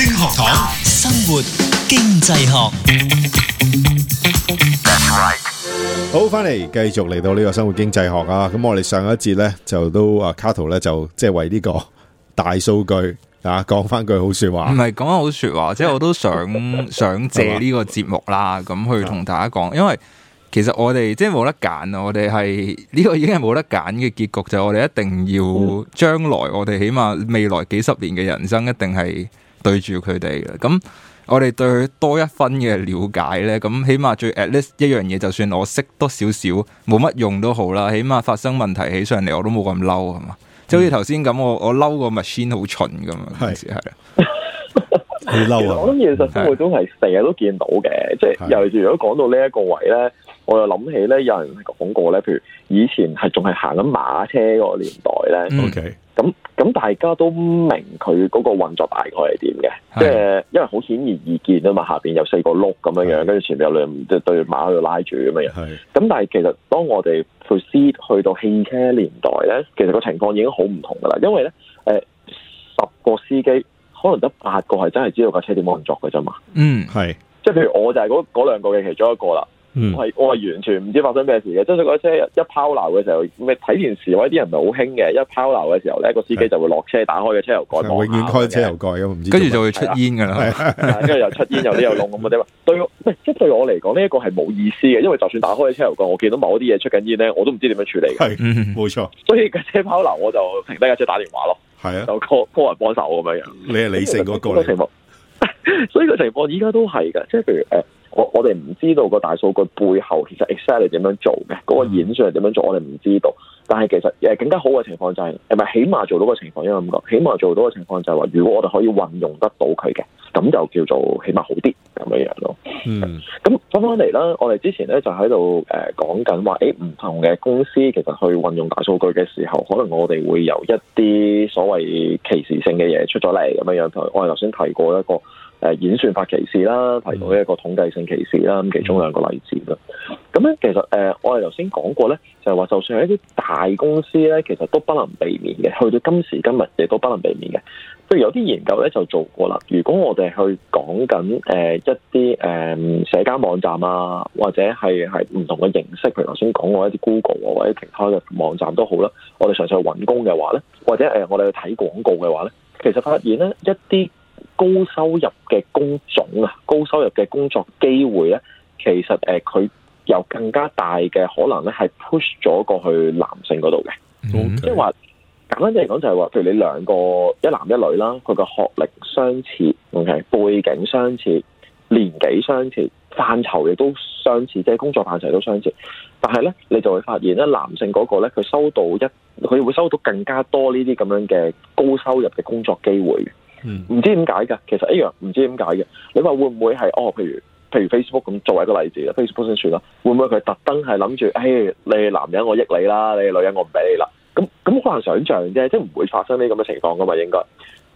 星生活經濟學，好翻嚟，繼續嚟到呢個生活經濟學啊！咁我哋上一節呢，就都啊，卡圖咧就即係為呢個大數據啊講翻句好說話，唔係講好說話，即係我都想 想借呢個節目啦，咁吧去同大家講，因為其實我哋即係冇得揀啊！我哋係呢個已經係冇得揀嘅結局，就係，我哋一定要將來，我哋起碼未來幾十年嘅人生一定係。對住佢哋嘅，咁我哋對佢多一分嘅了解咧，咁起碼最 at least 一樣嘢，就算我識多少少，冇乜用都好啦，起碼發生問題起上嚟，我都冇咁嬲，係嘛，即係好似頭先咁，我我嬲個 machine 好蠢咁嘛，係係啊，你嬲，我諗現實生活中係成日都見到嘅，即係尤其如果講到呢一個位咧。我又諗起咧，有人講過咧，譬如以前係仲係行緊馬車個年代咧，咁咁 Okay. 大家都明佢嗰個運作大概係點嘅，是即係因為好顯而易見啊嘛，下邊有四個轆咁樣樣，跟住是前面有兩對對馬喺度拉住咁樣樣。咁是但係其實當我哋 proceed 去到汽車年代咧，其實個情況已經好唔同噶啦，因為咧誒，十個司機可能得八個係真係知道架車點運作嘅啫嘛。嗯，係，即係譬如我就係嗰兩個嘅其中一個啦。我係我係完全唔知發生咩事嘅，即係嗰車一拋錨嘅時候，咪睇電視或者啲人唔係好興嘅，一拋錨嘅時候咧，個司機就會落車打開個車油蓋，永遠開車油蓋咁，跟住就會出煙噶啦，跟住又出煙又呢又窿咁嘅對，即係對我嚟講呢一個係冇意思嘅，因為就算打開車油蓋，我見到某啲嘢出緊煙咧，我都唔知點樣處理。冇錯。所以架車拋錨我就停低架車打電話咯。係啊，就 call call 人幫手咁樣樣。你係理性嗰個。所以個情況依家都係噶，即係譬如誒。我我哋唔知道個大數據背後其實 exactly 係點樣做嘅，嗰、嗰個演算係點樣做，我哋唔知道。但係其實誒更加好嘅情況就係誒係咪起碼做到個情況，因為咁講，起碼做到個情況就係話，如果我哋可以運用得到佢嘅，咁就叫做起碼好啲咁樣樣咯。咁翻返嚟啦，我哋之前咧就喺度誒講緊話，誒唔同嘅公司其實去運用大數據嘅時候，可能我哋會有一啲所謂歧視性嘅嘢出咗嚟咁樣樣。我哋頭先提過一個。誒演算法歧視啦，提到一個統計性歧視啦，咁其中兩個例子啦。咁咧，其實誒我哋頭先講過咧，就係話就算係一啲大公司咧，其實都不能避免嘅，去到今時今日亦都不能避免嘅。譬如有啲研究咧就做過啦，如果我哋去講緊誒一啲誒社交網站啊，或者係係唔同嘅形式，譬如頭先講過一啲 Google 啊，或者其他嘅網站都好啦，我哋常常去揾工嘅話咧，或者誒我哋去睇廣告嘅話咧，其實發現咧一啲。高收入嘅工種啊，高收入嘅工作機會咧，其實誒佢、呃、有更加大嘅可能咧，係 push 咗過去男性嗰度嘅。即係話簡單啲嚟講，就係話，譬如你兩個一男一女啦，佢嘅學歷相似，OK，背景相似，年紀相似，範疇亦都相似，即係工作範疇亦都相似。但係咧，你就會發現咧，男性嗰個咧，佢收到一，佢會收到更加多呢啲咁樣嘅高收入嘅工作機會。唔 知點解噶，其實一樣唔知點解嘅。你話會唔會係哦？譬如譬如 Facebook 咁作為一個例子啦 ，Facebook 先算啦，會唔會佢特登係諗住，誒、哎，你係男人我益你啦，你係女人我唔俾你啦。咁咁可能想象啫，即係唔會發生呢咁嘅情況噶嘛？應該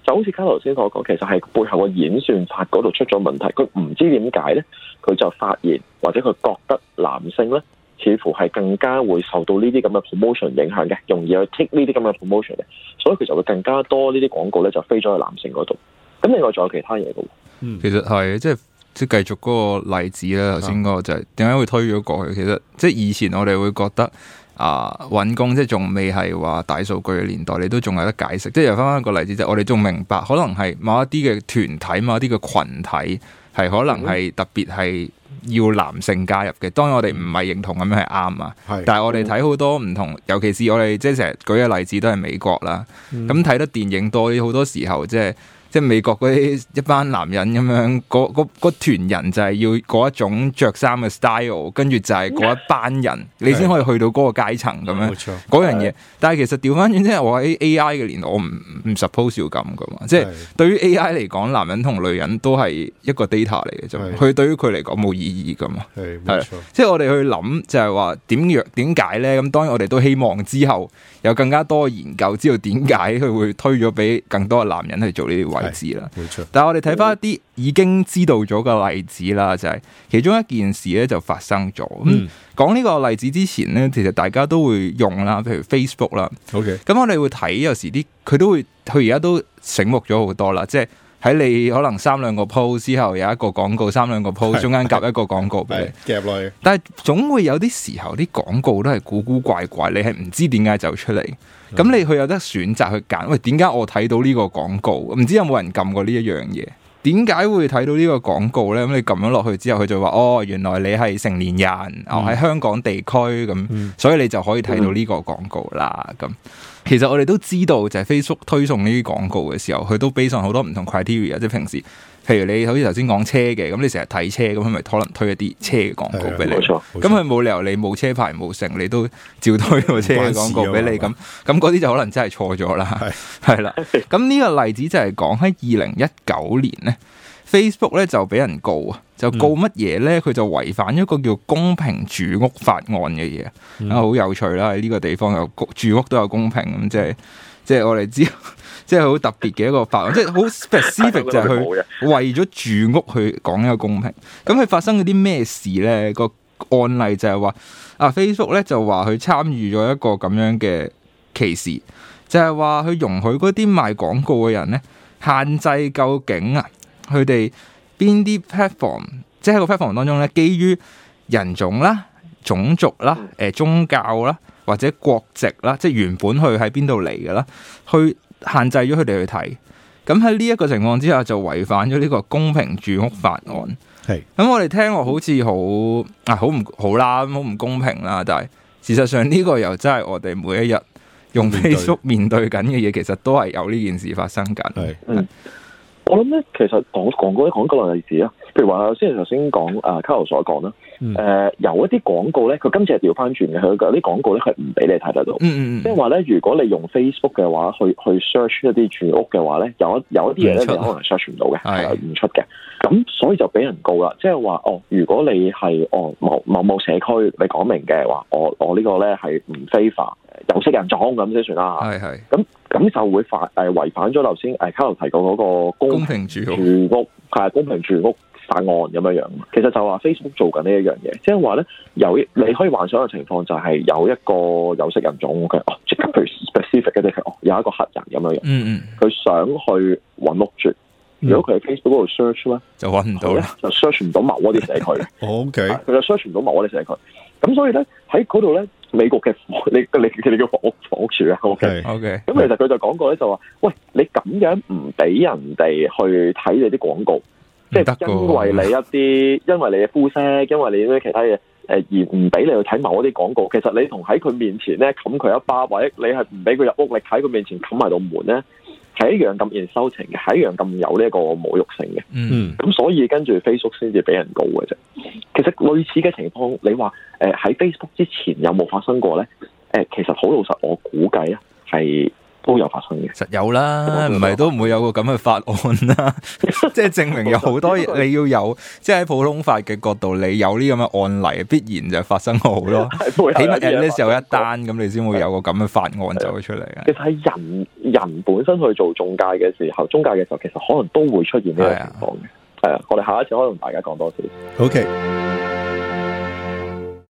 就好似卡頭先所講，其實係背後嘅演算法嗰度出咗問題，佢唔知點解咧，佢就發現或者佢覺得男性咧。似乎係更加會受到呢啲咁嘅 promotion 影響嘅，容易去 take 呢啲咁嘅 promotion 嘅，所以其實會更加多呢啲廣告咧就飛咗去男性嗰度。咁另外仲有其他嘢嘅，嗯，其實係即係即係繼續嗰個例子啦。頭先嗰個、嗯、就係點解會推咗過去，其實即係以前我哋會覺得。啊，揾工即係仲未係話大數據嘅年代，你都仲有得解釋，即係又返返一個例子，就我哋仲明白，可能係某一啲嘅團體，某一啲嘅群體，係可能係特別係要男性加入嘅。當然我哋唔係認同咁樣係啱啊，嗯、但係我哋睇好多唔同，尤其是我哋即係成日舉嘅例子都係美國啦。咁睇得電影多，好多時候即係。即係美國嗰啲一班男人咁樣，個團人就係要嗰一種着衫嘅 style，跟住就係嗰一班人，你先可以去到嗰個階層咁樣。冇錯錯，樣嘢。的但係其實調翻轉，即係我喺 AI 嘅年代，我唔唔 suppose 要咁噶嘛。的即係對於 AI 嚟講，男人同女人都係一個 data 嚟嘅啫，佢的對於佢嚟講冇意義噶嘛。係，冇錯。即係我哋去諗就係話點樣點解咧？咁當然我哋都希望之後有更加多嘅研究，知道點解佢會推咗俾更多嘅男人去做呢啲位。 啦，冇錯。但係我哋睇翻一啲已經知道咗嘅例子啦，就係、是、其中一件事咧就發生咗。咁講呢個例子之前咧，其實大家都會用啦，譬如 Facebook 啦。OK，咁我哋會睇有時啲，佢都會，佢而家都醒目咗好多啦，即係。喺你可能三兩個鋪之後，有一個廣告，三兩個鋪中間夾一個廣告俾你，夾落去。但係總會有啲時候，啲廣告都係古古怪怪，你係唔知點解走出嚟。咁、嗯、你去有得選擇去揀，喂，點解我睇到呢個廣告？唔知有冇人撳過呢一樣嘢？點解會睇到呢個廣告呢？咁你撳咗落去之後，佢就會話：哦，原來你係成年人，喺、嗯哦、香港地區，咁、嗯、所以你就可以睇到呢個廣告啦。咁其實我哋都知道，就係 Facebook 推送呢啲廣告嘅時候，佢都俾上好多唔同 criteria，即係平時。譬如你好似頭先講車嘅，咁你成日睇車，咁佢咪可能推一啲車嘅廣告俾你？咁佢冇理由你冇車牌冇證，你都照推個車嘅廣告俾你。咁咁嗰啲就可能真係錯咗啦。係啦，咁呢個例子就係講喺二零一九年呢 Facebook 咧就俾人告啊，就告乜嘢呢？佢、嗯、就違反一個叫公平住屋法案嘅嘢。啊、嗯，好有趣啦！喺呢個地方有住屋都有公平，咁即係即係我哋知。 即係好特別嘅一個法案，即係好 specific 就係去為咗住屋去講一個公平。咁佢發生咗啲咩事咧？個案例就係話啊，Facebook 咧就話佢參與咗一個咁樣嘅歧視，就係話佢容許嗰啲賣廣告嘅人咧，限制究竟啊佢哋邊啲 platform，即係喺個 platform 當中咧，基於人種啦、種族啦、呃、宗教啦或者國籍啦，即係原本佢喺邊度嚟嘅啦，去限制咗佢哋去睇，咁喺呢一個情況之下就違反咗呢個公平住屋法案。係是，咁我哋聽落好似好啊，好唔好啦，好唔公平啦，但係事實上呢個又真係我哋每一日用 Facebook 面對緊嘅嘢，其實都係有呢件事發生緊。是嗯我諗咧，其實廣廣告咧，講一個例子啦。譬如話，先頭先講啊 Caro 所講啦。誒、嗯呃，有一啲廣告咧，佢今次係調翻轉嘅，佢有啲廣告咧係唔俾你睇得到。即係話咧，如果你用 Facebook 嘅話，去去 search 一啲住屋嘅話咧，有有一啲嘢咧，你可能 search 唔到嘅，係唔出嘅。咁的所以就俾人告啦。即係話哦，如果你係哦某,某某網社區，你講明嘅話，我我這個呢個咧係唔非法、favor, 有色人種咁先算啦。係係的。咁。咁就會犯誒違反咗頭先卡頭提過嗰個公平住屋，公平住屋法案咁樣樣。其實就話 Facebook 做緊、就是、呢一樣嘢，即係話咧有你可以幻想嘅情況，就係有一個有色人種嘅哦，即係特別 specific 嘅，即係哦有一個黑人咁樣樣。嗯嗯，佢想去搵屋住，如果佢喺 Facebook 嗰度 search 咧，就搵唔到啦，就 search 唔到某啲社區。OK，佢就 search 唔到某啲社區。咁所以咧喺嗰度咧。美國嘅你你你嘅房屋房屋署啊，OK OK，咁其實佢就講過咧，就話：喂，你咁樣唔俾人哋去睇你啲廣告，即係因為你一啲，因為你嘅膚色，因為你啲其他嘢，而唔俾你去睇某啲廣告。其實你同喺佢面前咧冚佢一巴，或者你係唔俾佢入屋，你喺佢面前冚埋度門咧，係一樣咁嚴修情嘅，係一樣咁有呢一個侮辱性嘅。嗯，咁、嗯、所以跟住 Facebook 先至俾人告嘅啫。其實類似嘅情況，你話誒喺、呃、Facebook 之前有冇發生過咧？誒、呃，其實好老實，我估計咧係都有發生嘅。實有啦，唔係都唔會，會有個咁嘅法案啦、啊。 即係證明有好多 你要有，即係喺普通法嘅角度，你有呢咁嘅案例，必然就發生好多。起碼有呢時候一單咁， 你先會有個咁嘅法案就會出嚟。其實喺人人本身去做中介嘅時候，中介嘅時候，其實可能都會出現呢個情況嘅。係啊，我哋下一次可以同大家講多次。OK。